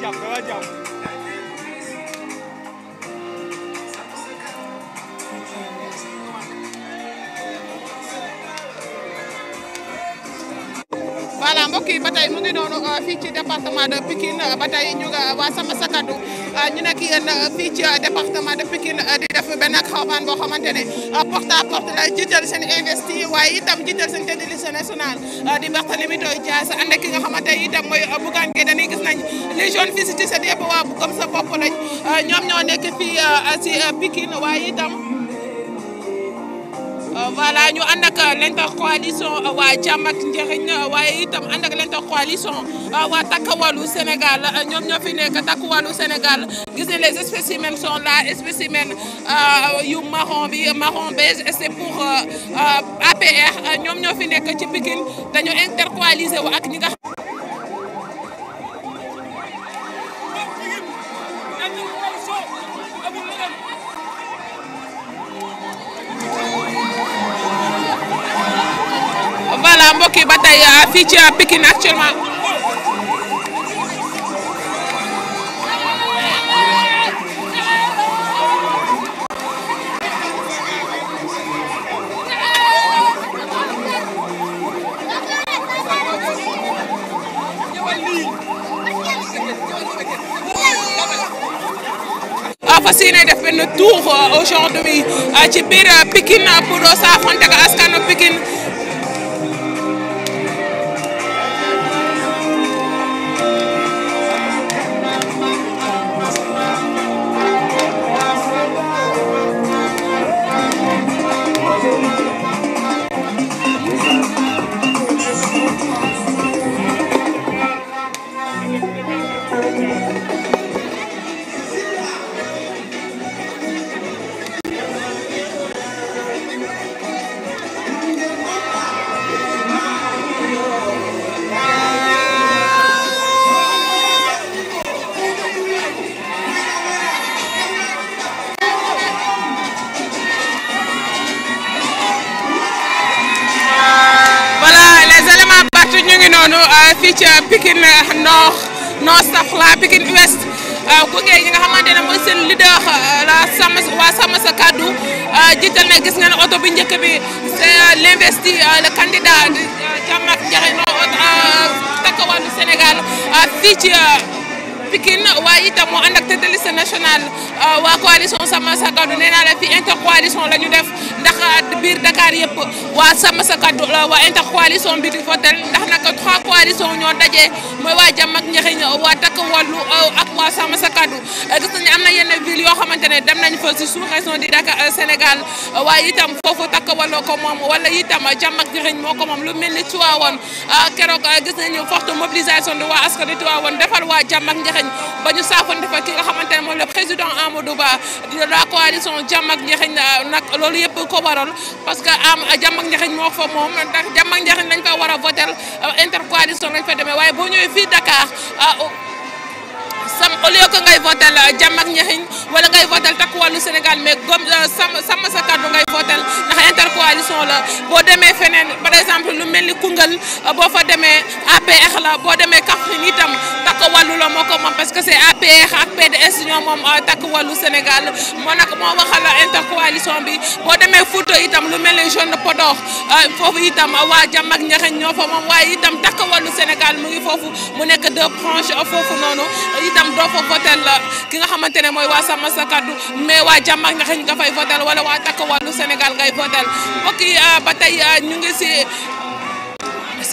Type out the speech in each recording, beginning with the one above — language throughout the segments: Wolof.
jàmm da ngaa jàmm voilà mbokk yi ba tey mu ngi noonu euh, fii ci département de Pikine euh, ba tey ñu nga euh, waa sama sa a ñu nekk yéen fii ci département de Pikine di def benn xawbaan boo xamante ne porte à porte la jiital seen investi waaye itam jiital seen tête de liste nationale di Barthélémy Dias ànd ak ki nga xamante ne itam mooy Bougane Gueye Dany gis nañ les jeunes fii si ci waa bu sa bopp ñoom ñoo nekk fii si Pikine waaye itam. voilà ñu ànd ak euh, l'intercoalition euh, waa jàmm ak njëriñ euh, waaye itam ànd ak l'intercoalition waa takkuwàllu Sénégal ñoom ñoo fi nekk takkuwàllu Sénégal gis ne les spécimens sont là spécimens yu marron bi marron beige c'est pour APR ñoom ñoo fi nekk ci Pikine dañu intercoaliser wu ak ñi mbokk yi ba tey euh, fii ci euh, Pikine actuellement. Ah, fas yéene def benn tour euh, aujourd'hui ci biir Pikine pour s'affronter ak askanu Pikine Pikine Nord Nord Saf la Pikine Ouest gunge euh, ñi nga xamante euh, la sàmm waa sàmm sa kàddu euh, jiital gis ngeen oto bi njëkk bi c'est l'investi le candidat Diamak Sénégal fii ci. Pikine waaye itam moo ànd ak tête de liste nationale euh, waa coalition Sàmm Sa Kàddu nee naa la fi intercoalition la ñu def ndax euh, biir Dakar yëpp waa Sàmm Sa Kàddu euh, waa intercoalition bi di votel ndax nag trois coalitions ñoo dajee mooy waa Jàmm ak Njëriñ waa Takk Wallu ak waa Sàmm Sa a gis nañu am na yenn ville yoo xamante ne dem nañ fa si sous-région di Dakar Sénégal waaye itam foofu Takk Wallu ko moom wala a Jàmm ak Njëriñ moo ko moom lu mel ni Tivaouane keroog gis campagne ba ñu saafoonte fa ki nga xamante ne moom la président Amadou Ba la coalition jàmm ak njëriñ loolu yëpp ko waral parce que am jàmm ak njëriñ moo fa moom ndax jàmm ak njëriñ lañ fa war a voter euh, intercoalition lañ fa demee waaye boo ñëwee fii Dakar euh, sam au lieu que ngay votel euh, jàmm ak ñaxiñ wala ngay votel takku wàllu Sénégal mais gom euh, sa kàddu ngay votel ndax intercoalition la boo demee feneen par exemple lu mel ni Koungheul euh, boo fa demee APR la boo demee Kaffrine itam takku wàllu la moo ko moom parce que xeex ak PDS ñoom moom euh, takk wàllu Sénégal moo nag moo waxal intercoalition bi boo demee Fouta itam lu mel ne jeune Podor euh, foofu itam waa jàmm ak ñaxeñ ñoo fa moom waaye itam takk wàllu Sénégal mu ngi foofu mu nekk deux a foofu noonu itam doo votel ki nga xamante ne mooy waa Sàmm Sa Kàddu mais waa jàmm ak ñaxeñ nga fay votel wala waa takk wàllu Sénégal ngay votel mbokk yi euh, ba tey ñu ngi si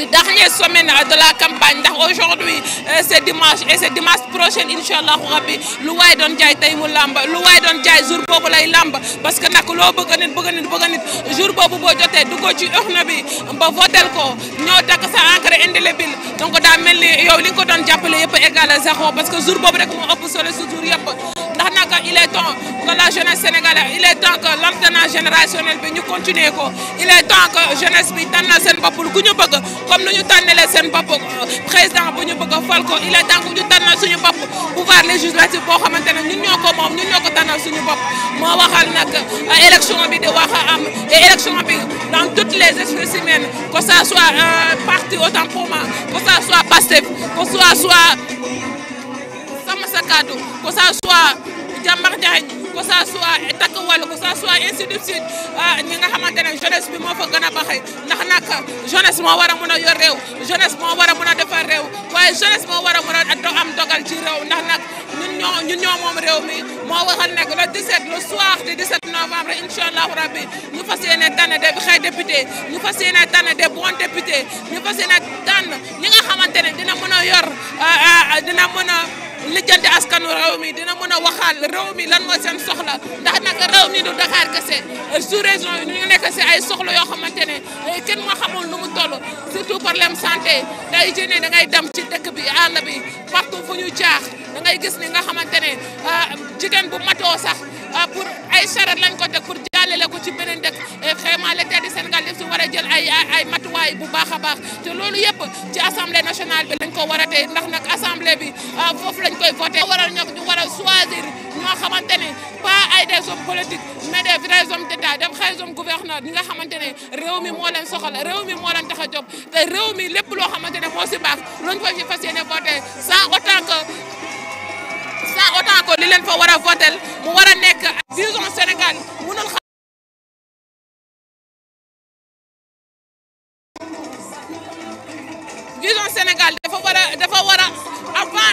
dernier semaine euh, de la campagne ndax aujourd'hui euh, c'est dimanche et c'est dimanche prochain incha allahu rabbi lu waay doon jaay tey mu làmb lu waay doon jaay jour boobu lay làmb parce que nag loo bëgg a nit bëgg a nit jour boobu boo jotee du ci urne bi ba votel ko ñoo takk sa encre indélébile donc daa mel ni yow li ko doon jàppale yëpp égal à zéro parce que jour boobu rek moo ëpp solo su jour yëpp ndax nag il est temps que la jeunesse sénégalaise il est temps que l'entraînement générationnel bi ñu continuer ko il est temps que jeunesse bi tànnal seen bopp ku ñu bëgg comme nu ñu tànnalee seen bopp président bu ñu bëgg a fal ko il est temps que ñu tànnal suñu bopp pouvoir législatif boo xamante ne ñun ko moom ñun ñoo ko tànnal suñu bopp moo waxal nag euh, élection bi di wax a élection bi dans toutes les espèces humaines que ça soit euh, soit Pastef que ça soit sàmm sa kàddu que ça soit jàmbax jaañ que ça soit takk wàll que ça soit ainsi de suite ah, ñi bi moo fa gën a ndax nag jeunesse moo war a a yor réew jeunesse moo war a a defar réew waaye jeunesse moo war a a do am dogal ci réew ndax nag ñun ñoo ñun mi moo waxal nekk le 17 le soir du 17 novembre incha rabbi ñu fas yéene tànn des xëy député ñu fas yéene tànn des bons députés ñu ñi nga xamante ne dina mën a yor ah, ah, dina mën a lijjanti askanu réew mi dina mën a waxaal réew mi lan mooy seen soxla ndax nag a mi du Dakar kese sous région yi ñu nekk si ay soxla yoo xamante ne eh, kenn moo xamul nu mu toll surtout problème santé tey jii ne da ci dëkk bi àll bi partout fu ñu caax da ngay gis ni nga xamante ne ah, jigéen bu matoo sax ah, pour ay charrette lañ ko teg pour la ko ci beneen dëkk vraiment l'état du Sénégal def si war a jël ay ay matuwaay bu baax a baax te loolu yëpp ci assemblée nationale bi lañ ko war a tey ndax nag assemblée bi ah, foofu lañ koy voté waral ñoom ñu war a choisir ñoo xamante ne pas ay des hommes politiques mais des vrais hommes d'état des vrais hommes gouverneurs ñi réew mi moo leen soxal réew mi a jóg lépp loo xamante moo si baax luñ fa fi fas yéene voté sans autant que sans autant que li leen fa a voté a nekk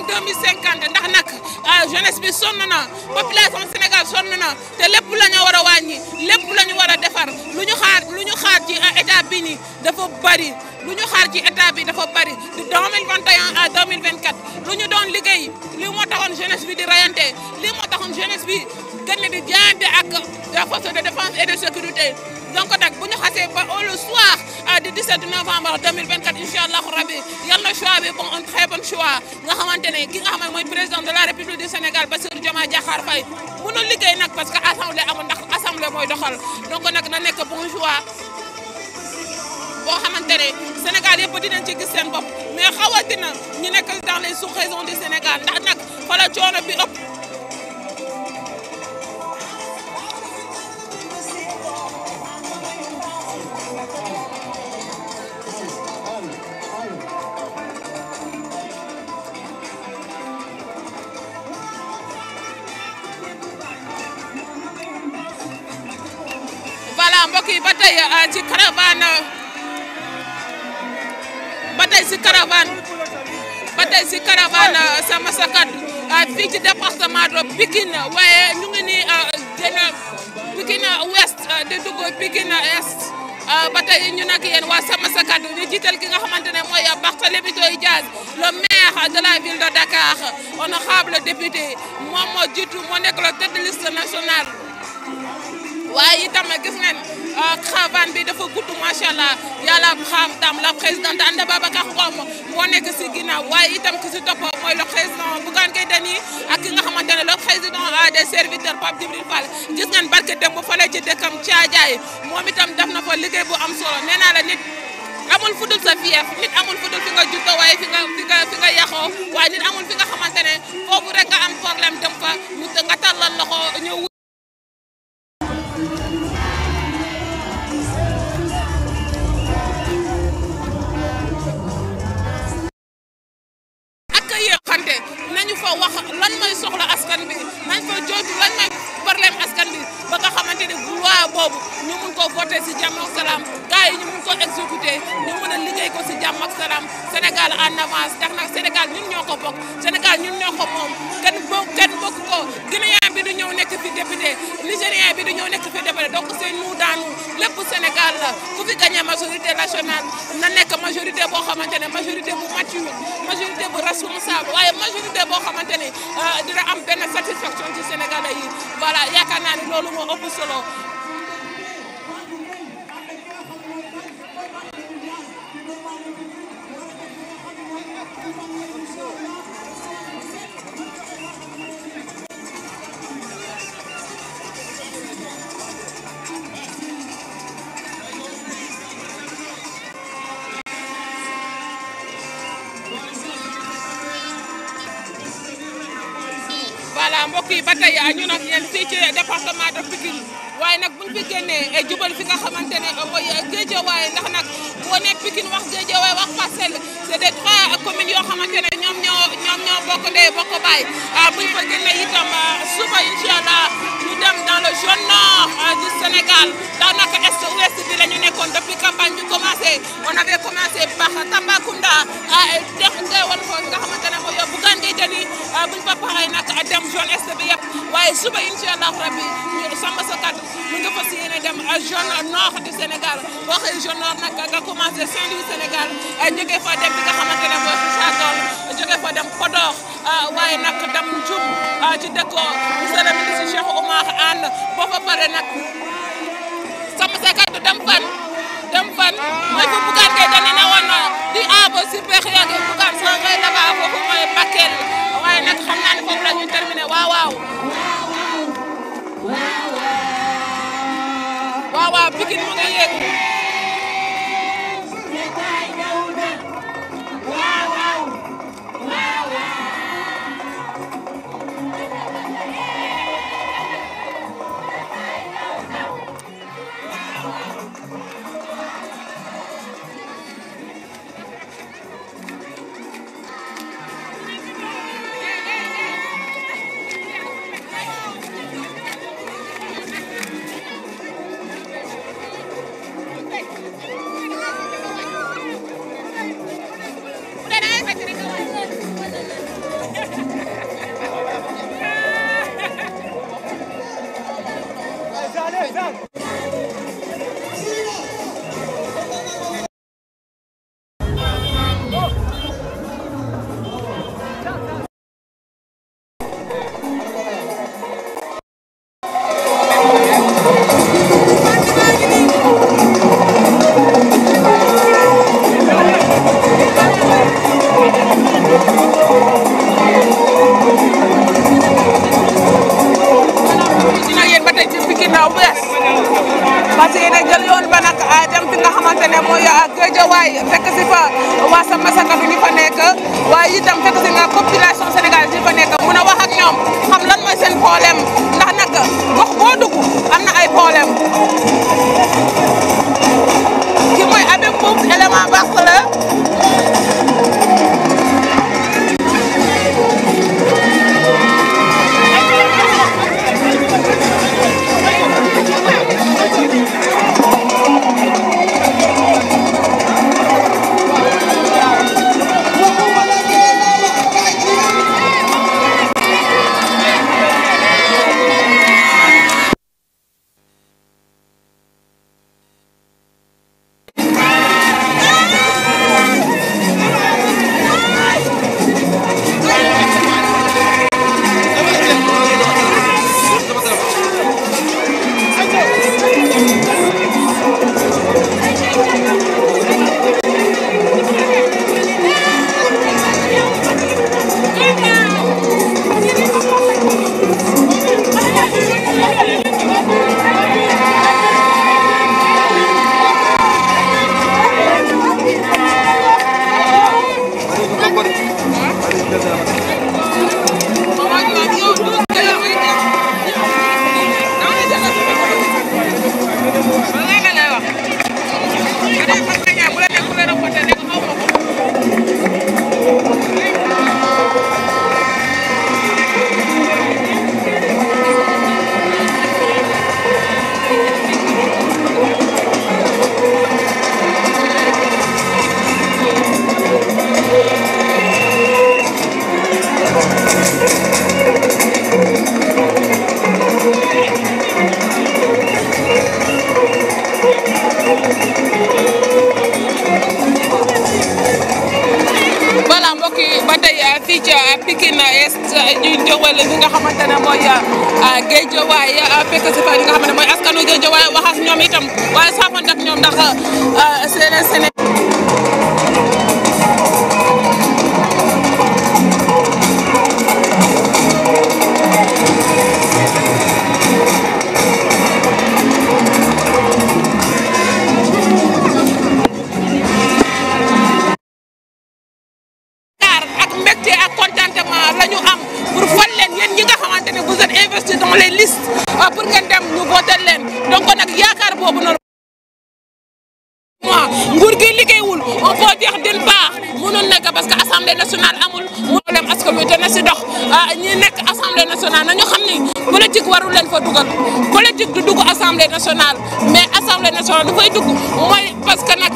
2050 ndax nag a euh, bi sonn na population Sénégal sonn na te lépp la ñu war a wàññi lépp la ñu war a defar lu ñu xaar lu ñu xaar ci euh, état bi nii dafa bari lu ñu xaar ci état bi dafa bari de 2021 à 2024 lu ñu doon liggéey lii moo taxoon jeunesse di rayante lii moo taxoon jeunesse gën leen di jaante ak la force de défense et de sécurité donc nag bu ñu xasee ba au le soir du 17 novembre 2024 incha allahu rabi yal na choix bi bon un très bon choix nga xamante ki nga xam mooy président de la république du Sénégal Bassirou Diomaye Diakhar Faye mënul liggéey nag parce que assemblée amul ndax assemblée mooy doxal donc nag na bon choix boo xamante Sénégal yëpp dinañ ci mais xawatina ñu mbokk yi ah, ci caravane ba ah, ah, ci département de Pikine waaye ñu ngi nii génn Pikine ouest di dugg Pikine est ba tey ñu nag yéen waa sama sa kàddu ñu jiital ki maire de la ville de Dakar honorable député moom moo jiitu moo nekk waaye itam gis ngeen caravane euh, bi dafa gudd macha allah yàlla xam tam la présidente Anta Babacar Ngom moo nekk si ginnaaw waaye itam ki si topp mooy le président Bougane Gueye Dany ak ki nga xamante ne le président euh, des serviteurs Pape Djibril Fall gis ngeen barke démb fale ci dëkkam Thiadiaye moom itam def na fa liggéey bu am solo nee naa la nit. amul fudul sa fief nit amul fudul fi nga juddoo waaye fi nga fi nga fi waaye nit amul fi nga xamante ko voté si jàmm ak salaam gars yi ñu mun ko exécuté ñu mën a liggéey ko si jàmm ak Sénégal en avance ndax nag Sénégal ñun ñoo ko bokk Sénégal ñun ñoo ko moom kenn bokk ko Guinéen bi du ñëw nekk fi député Nigérien bi du ñëw nekk fi député donc c'est nous la ku fi gagné majorité nationale na nekk majorité boo xamante ne majorité bu mature majorité bu responsable waaye majorité boo xamante euh, dina am benn satisfaction ci Sénégalais yi voilà yaakaar naa ni mbokk yi ba tey ah, ñu nag yéen fii ci département de Pikine waaye nag buñ fi génnee eh, jubal fi nga xamante ne eh, mooy eh, Guédiawaye ndax nag boo nee Pikine wax Guédiawaye wax Parcelles c'est des trois communes yoo xamante ne ñoom ñoo ñoom bokk ndey bokk baay ah, buñ fa génnee itam ah, suba incha allah ñu dem dans le zone nord du Sénégal daanaka est ouest bi la ñu nekkoon depuis campagne bi commencé on avait commencé par Tambacounda def nga woon ko nga xamante ne xamante ni euh, buñ ko paree dem zone est bi yëpp waaye suba rabbi ñu sàmm mu nga fas yéene dem euh, zone nord du Sénégal boo xëyee nord nag nga commencé Saint-Louis Sénégal euh, jógee fa dem bi nga xamante ne mooy Fouta jógee fa dem Podor waaye nag dem Ndioum ci dëkkoo monsieur le ministre Cheikh fa paree nag sàmm sa dem fan dem fan mooy fu bugaan ngay dana ne woon di aabo supérieur ne mooy ah, Guédiawaye fekk si fa waa Sama Saka bi fa nekk waaye itam fekk si nga population sénégalaise yi fa nekk mun a wax ak ñoom xam lan mooy seen problème ndax nag gox boo dugg am na ay problème ki mooy Habib Mboup élément baax la fay dugg mooy parce que nag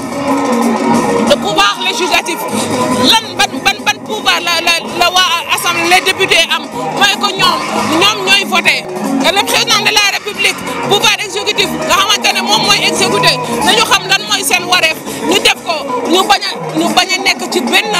le pouvoir lan ban ban ban pouvoir la waa assemblée les am mooy ko ñoom ñoom ñooy voté le de la république pouvoir exécutif nga xamante ne moom mooy exécuté nañu xam lan mooy seen wareef ñu def ko ñu bañ nekk ci benn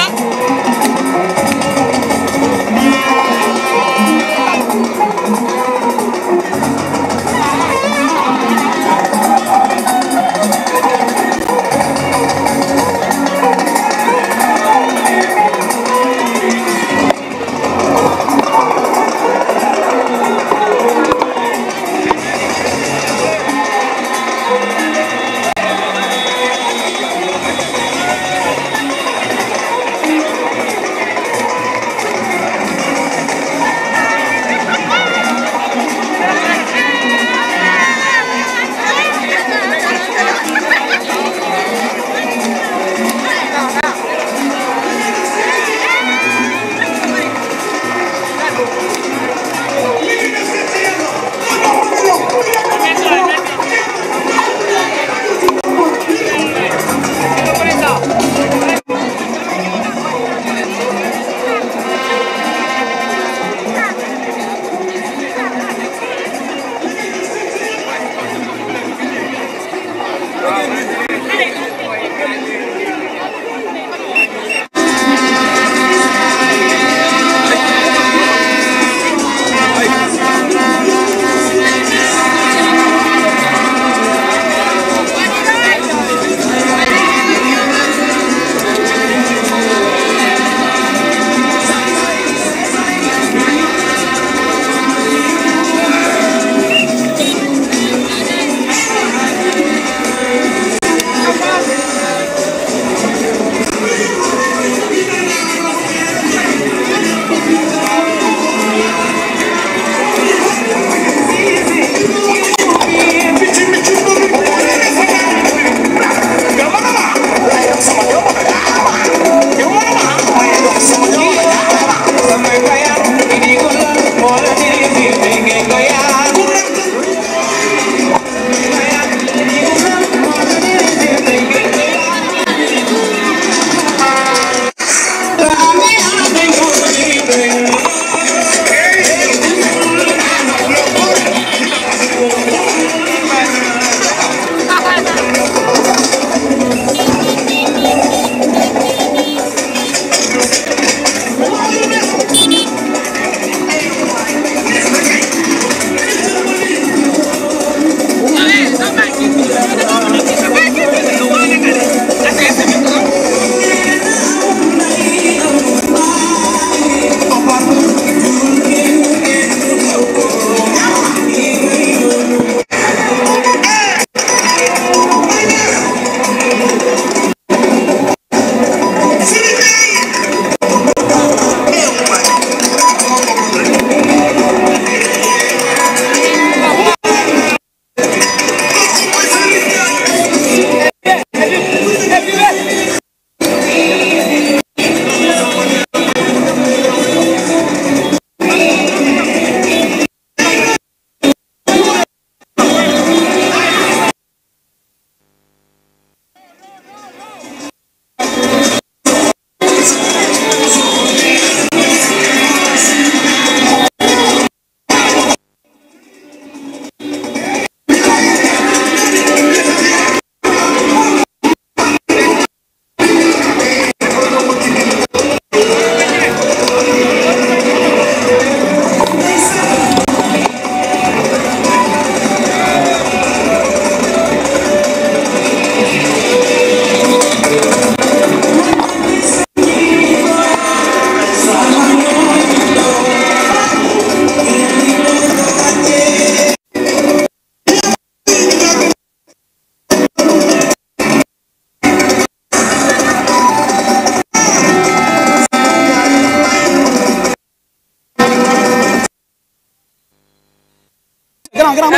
grand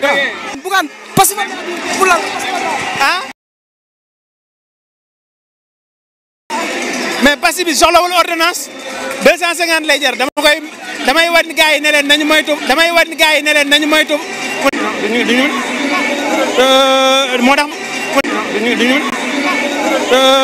grand bugaan parce que bu lan ah mais pass bi soxlawul ordonnance deux cent cinquante lay jar dama koy damay wan gars yi ne leen nañu moytu damay wan gars yi ne leen nañu moytu duñu duñu euh, moo tax duñu duñu euh,